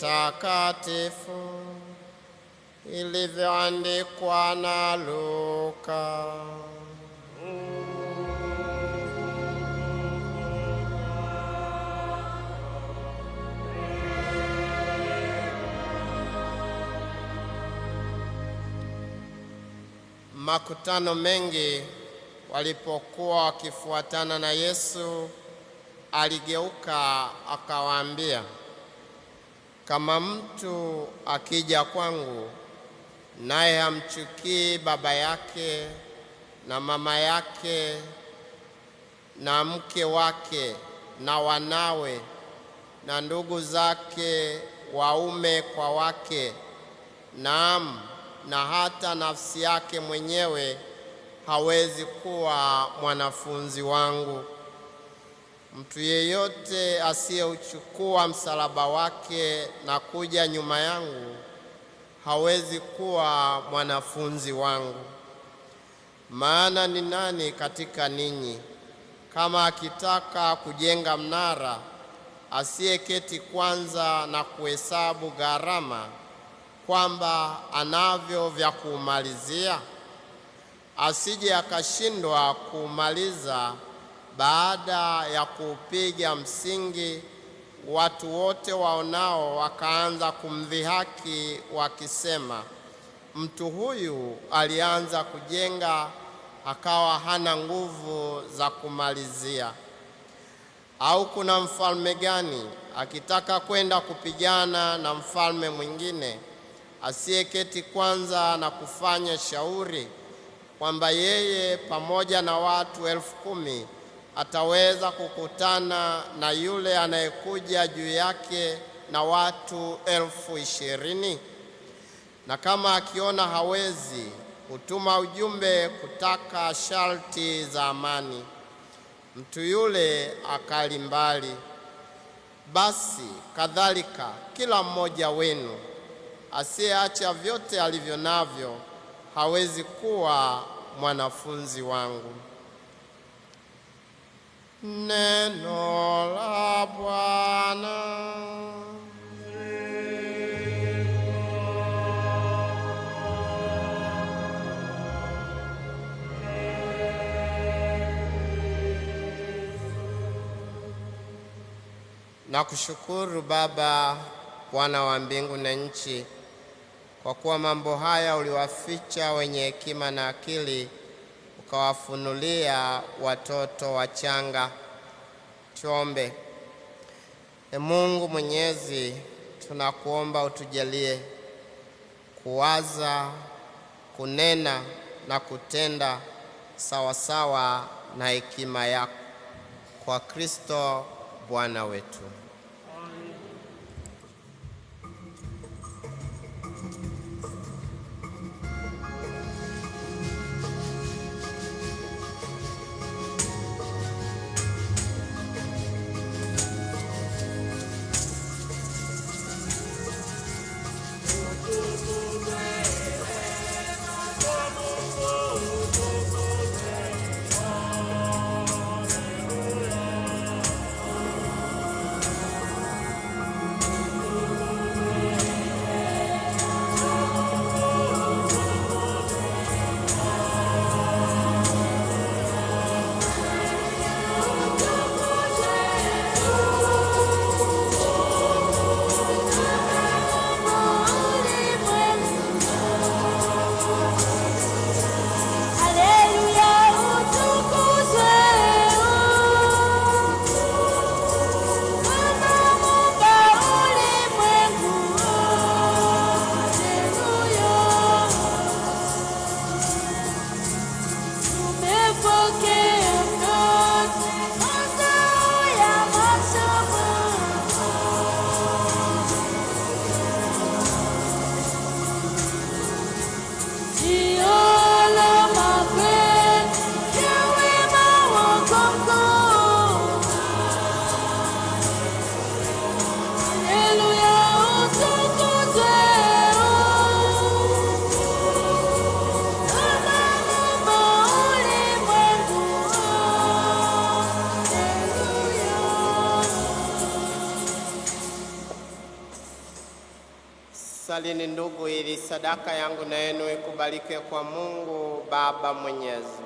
takatifu ilivyoandikwa na Luka. Makutano mengi walipokuwa wakifuatana na Yesu, aligeuka akawaambia kama mtu akija kwangu naye hamchukii baba yake na mama yake na mke wake na wanawe na ndugu zake waume kwa wake, naam, na hata nafsi yake mwenyewe, hawezi kuwa mwanafunzi wangu. Mtu yeyote asiyeuchukua msalaba wake na kuja nyuma yangu hawezi kuwa mwanafunzi wangu. Maana ni nani katika ninyi kama akitaka kujenga mnara, asiyeketi kwanza na kuhesabu gharama kwamba anavyo vya kuumalizia, asije akashindwa kuumaliza? Baada ya kuupiga msingi, watu wote waonao wakaanza kumdhihaki wakisema, mtu huyu alianza kujenga akawa hana nguvu za kumalizia. Au kuna mfalme gani akitaka kwenda kupigana na mfalme mwingine asiyeketi kwanza na kufanya shauri kwamba yeye pamoja na watu elfu kumi ataweza kukutana na yule anayekuja juu yake na watu elfu ishirini na kama akiona hawezi, hutuma ujumbe kutaka sharti za amani, mtu yule akali mbali. Basi kadhalika kila mmoja wenu asiyeacha vyote alivyo navyo hawezi kuwa mwanafunzi wangu. Neno la Bwana. Nakushukuru Baba, Bwana wa mbingu na nchi, kwa kuwa mambo haya uliwaficha wenye hekima na akili ukawafunulia watoto wachanga. Tuombe. E Mungu Mwenyezi, tunakuomba utujalie kuwaza, kunena na kutenda sawasawa sawa na hekima yako kwa Kristo Bwana wetu. Salini ndugu, ili sadaka yangu na yenu ikubalike kwa Mungu Baba Mwenyezi.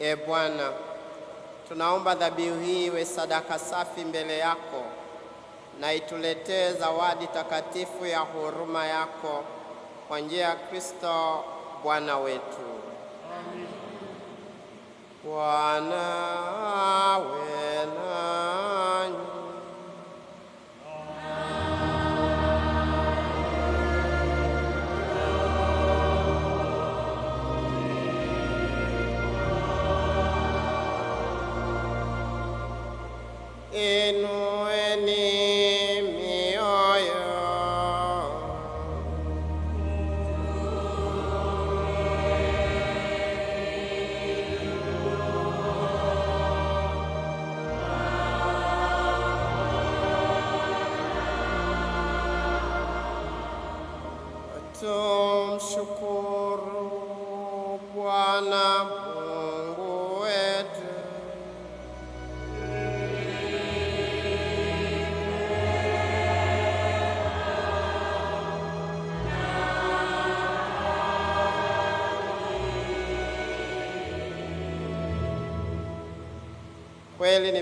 E Bwana, tunaomba dhabihu hii iwe sadaka safi mbele yako na ituletee zawadi takatifu ya huruma yako kwa njia ya Kristo Bwana wetu. Amen. Bwana we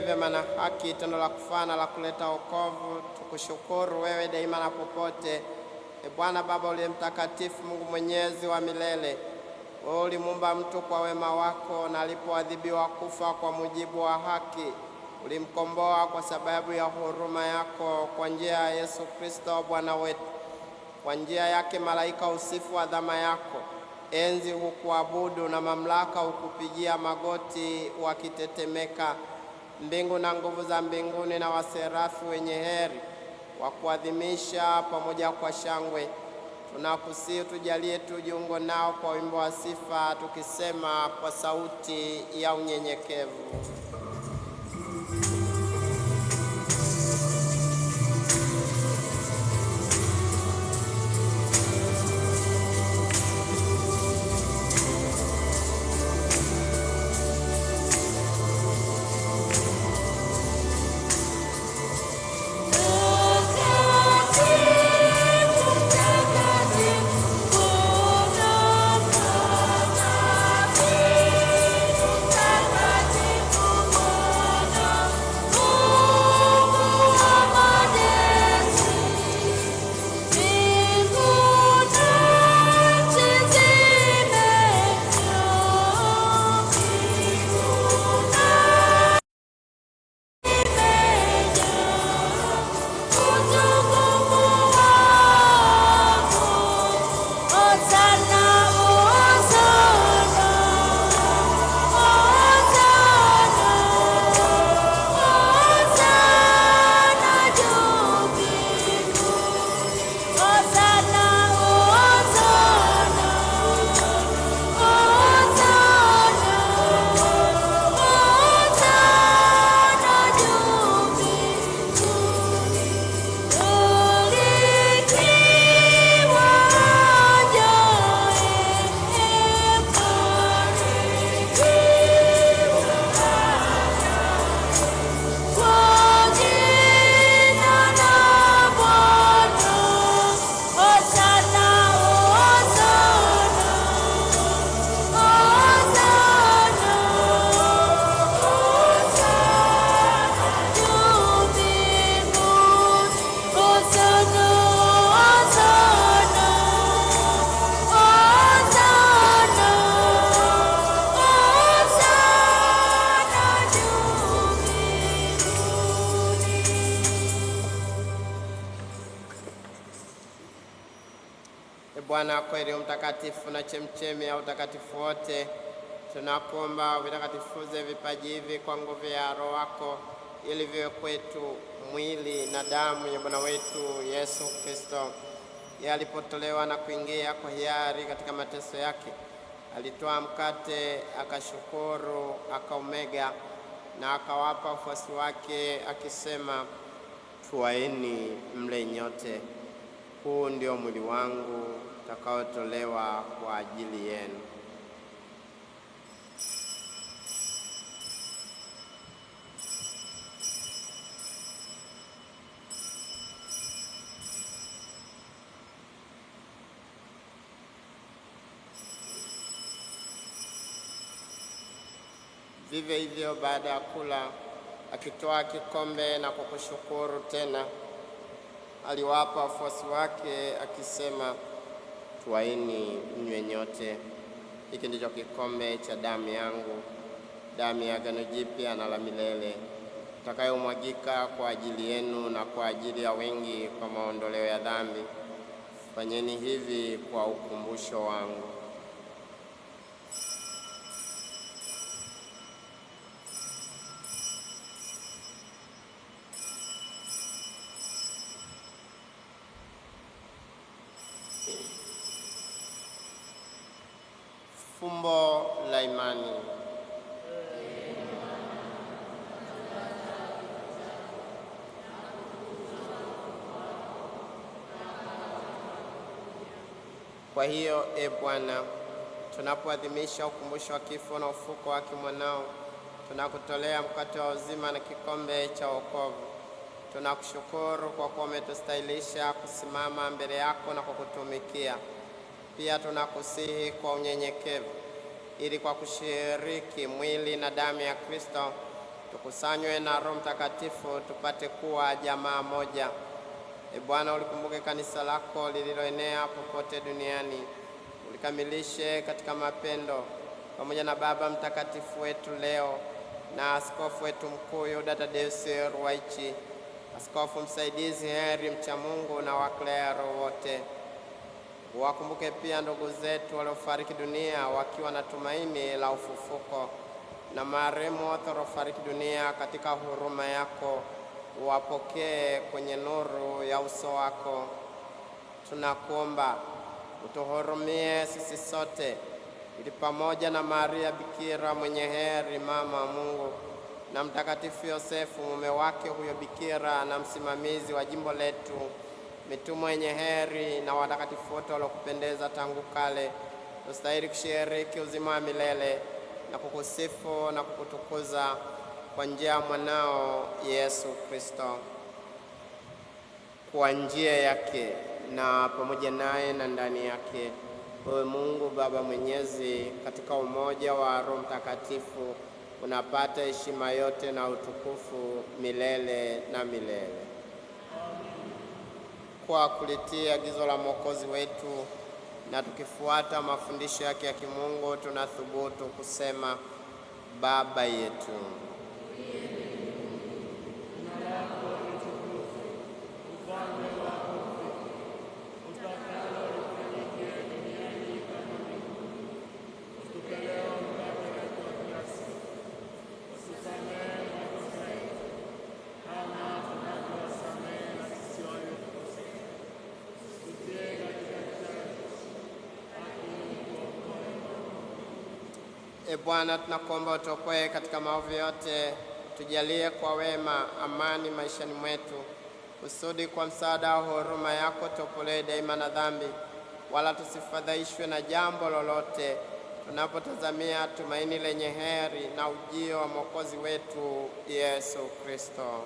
vyema na haki, tendo la kufana la kuleta wokovu. Tukushukuru wewe daima na popote, e Bwana Baba uliye mtakatifu, Mungu mwenyezi wa milele. Wewe ulimuumba mtu kwa wema wako, na alipoadhibiwa kufa kwa mujibu wa haki ulimkomboa kwa sababu ya huruma yako, kwa njia ya Yesu Kristo Bwana wetu. Kwa njia yake malaika usifu wa dhama yako, enzi hukuabudu na mamlaka hukupigia magoti wakitetemeka mbingu na nguvu za mbinguni na waserafi wenye heri wa kuadhimisha pamoja kwa shangwe, tunakusihi tujalie tujiungo nao kwa wimbo wa sifa tukisema kwa sauti ya unyenyekevu chemchemi ya utakatifu wote, tunakuomba vitakatifuze vipaji hivi kwa nguvu ya Roho wako ili viwe kwetu mwili na damu ya Bwana wetu Yesu Kristo. Alipotolewa na kuingia kwa hiari katika mateso yake, alitoa mkate, akashukuru, akaumega na akawapa wafuasi wake akisema, twaeni mle nyote, huu ndio mwili wangu utakaotolewa kwa ajili yenu. Vivyo hivyo, baada ya kula, akitoa kikombe na kukushukuru tena, aliwapa wafuasi wake akisema Twaini mnywe nyote, hiki ndicho kikombe cha damu yangu, damu ya agano jipya na la milele, itakayomwagika kwa ajili yenu na kwa ajili ya wengi kwa maondoleo ya dhambi. Fanyeni hivi kwa ukumbusho wangu. Kwa hiyo e Bwana, tunapoadhimisha ukumbusho wa kifo na ufuko wake mwanao, tunakutolea mkate wa uzima na kikombe cha wokovu. Tunakushukuru kwa kuwa umetustahilisha kusimama mbele yako na kwa kutumikia. Pia tunakusihi kwa unyenyekevu, ili kwa kushiriki mwili na damu ya Kristo tukusanywe na Roho Mtakatifu tupate kuwa jamaa moja E Bwana, ulikumbuke kanisa lako lililoenea popote duniani, ulikamilishe katika mapendo, pamoja na Baba Mtakatifu wetu leo na askofu wetu mkuu Yuda Tadeusi Ruwaichi, askofu msaidizi Heri mcha Mungu na waklero wote. Wakumbuke pia ndugu zetu waliofariki dunia wakiwa na tumaini la ufufuko na marehemu wote waliofariki dunia katika huruma yako wapokee kwenye nuru ya uso wako. Tunakuomba utuhurumie sisi sote, ili pamoja na Maria Bikira mwenye heri, mama wa Mungu, na Mtakatifu Yosefu mume wake huyo Bikira na msimamizi wa jimbo letu, mitume wenye heri na watakatifu wote waliokupendeza tangu kale, tustahili kushiriki uzima wa milele na kukusifu na kukutukuza kwa njia ya mwanao Yesu Kristo. Kwa njia yake na pamoja naye na ndani yake, wewe Mungu Baba Mwenyezi, katika umoja wa Roho Mtakatifu, unapata heshima yote na utukufu milele na milele. Kwa kulitia agizo la Mwokozi wetu na tukifuata mafundisho yake ya kimungu, tunathubutu kusema Baba yetu E Bwana, tunakuomba utuokoe katika maovu yote, tujalie kwa wema amani maishani mwetu, kusudi kwa msaada wa huruma yako tuopolee daima na dhambi, wala tusifadhaishwe na jambo lolote, tunapotazamia tumaini lenye heri na ujio wa mwokozi wetu Yesu Kristo.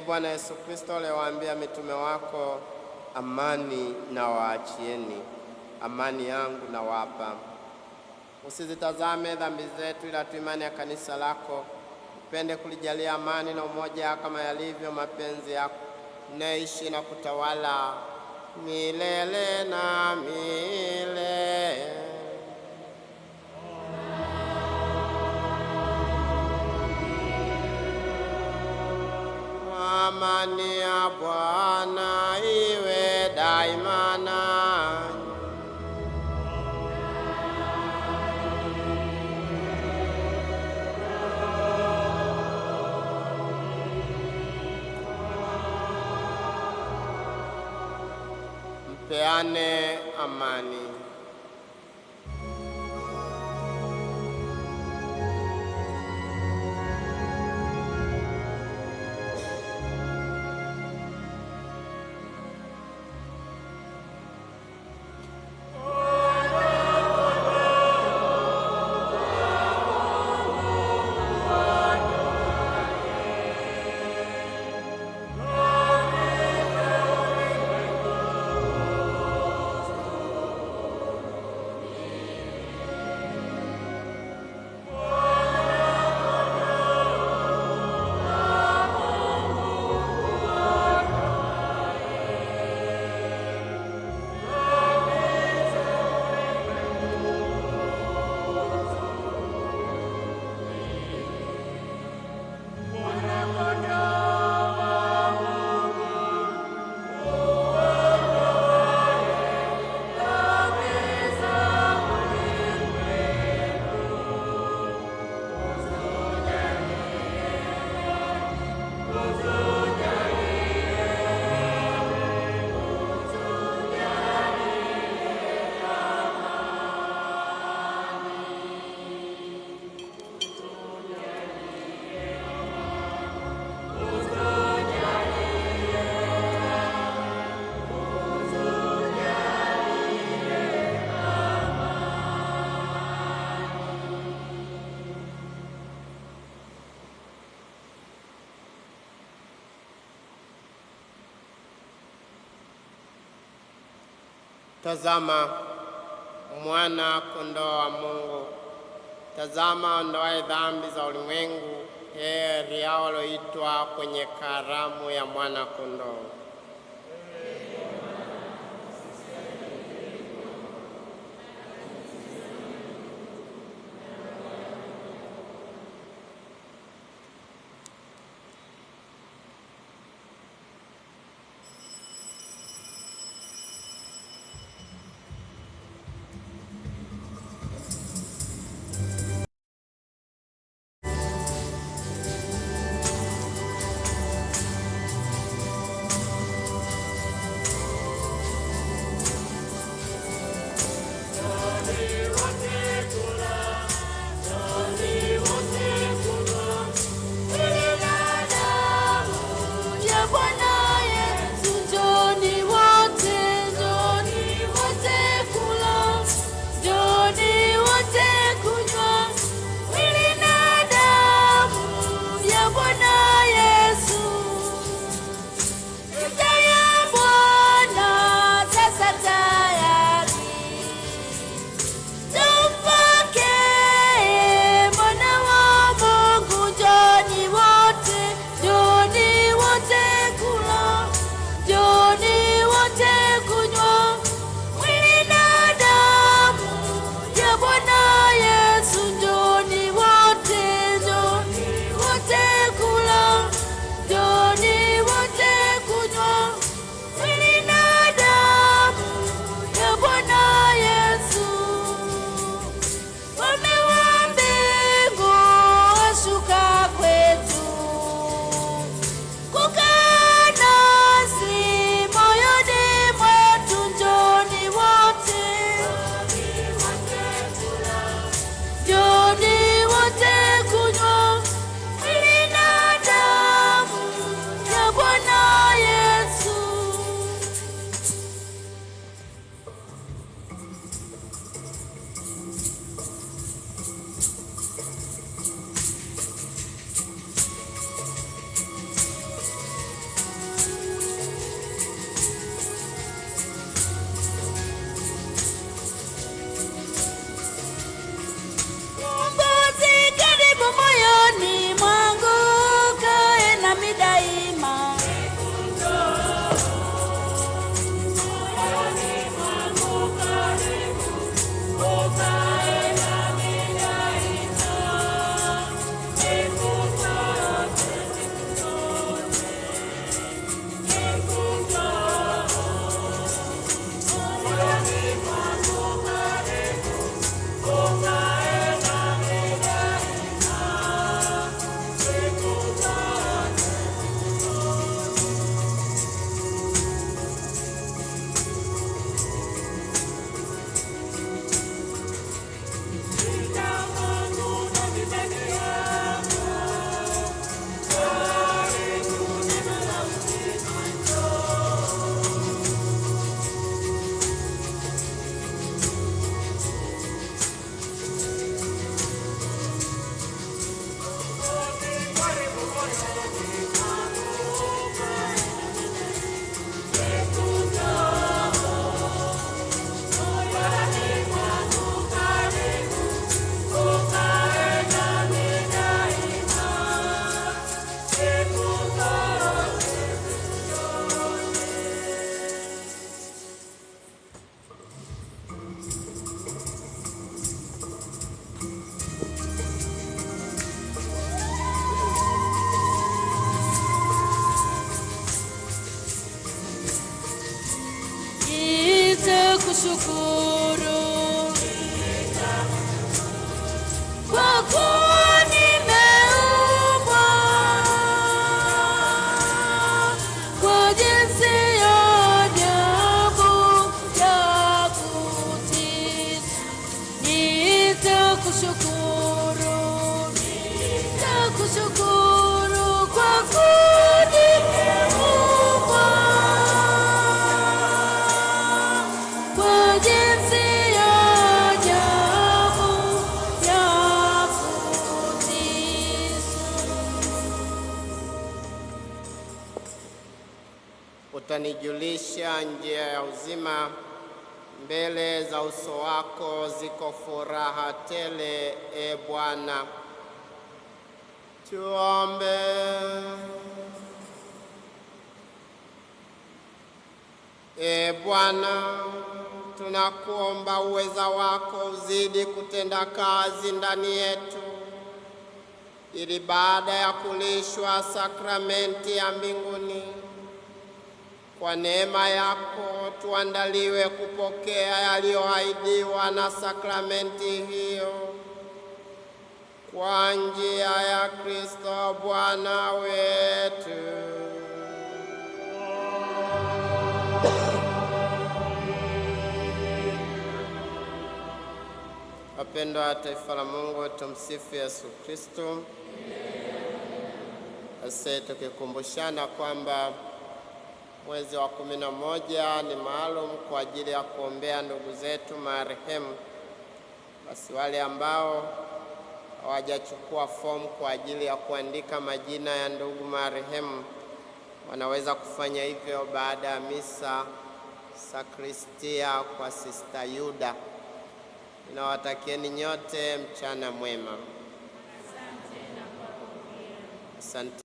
Bwana Yesu Kristo, aliwaambia mitume wako, amani na waachieni, amani yangu na wapa. Usizitazame dhambi zetu, ila tuimani ya kanisa lako, upende kulijalia amani na umoja kama yalivyo mapenzi yako, naishi na kutawala milele na milele. amani ya iwe daima nanyi. Mpeane amani. Tazama mwana kondoo wa Mungu, tazama ondoaye dhambi za ulimwengu, yeye lialoitwa kwenye karamu ya mwana kondoo. Shukur utanijulisha njia ya uzima. Mbele za uso wako ziko furaha tele, e Bwana. Tuombe. E Bwana, tunakuomba uweza wako uzidi kutenda kazi ndani yetu, ili baada ya kulishwa sakramenti ya mbinguni kwa neema yako tuandaliwe kupokea yaliyoahidiwa na sakramenti hiyo kwa njia ya Kristo Bwana wetu. Wapendwa wa taifa la Mungu, tumsifu Yesu Kristo. Basi tukikumbushana kwamba mwezi wa kumi na moja ni maalum kwa ajili ya kuombea ndugu zetu marehemu. Basi wale ambao hawajachukua fomu kwa ajili ya kuandika majina ya ndugu marehemu wanaweza kufanya hivyo baada ya misa sakristia kwa Sista Yuda. Ninawatakieni nyote mchana mwema. Asante.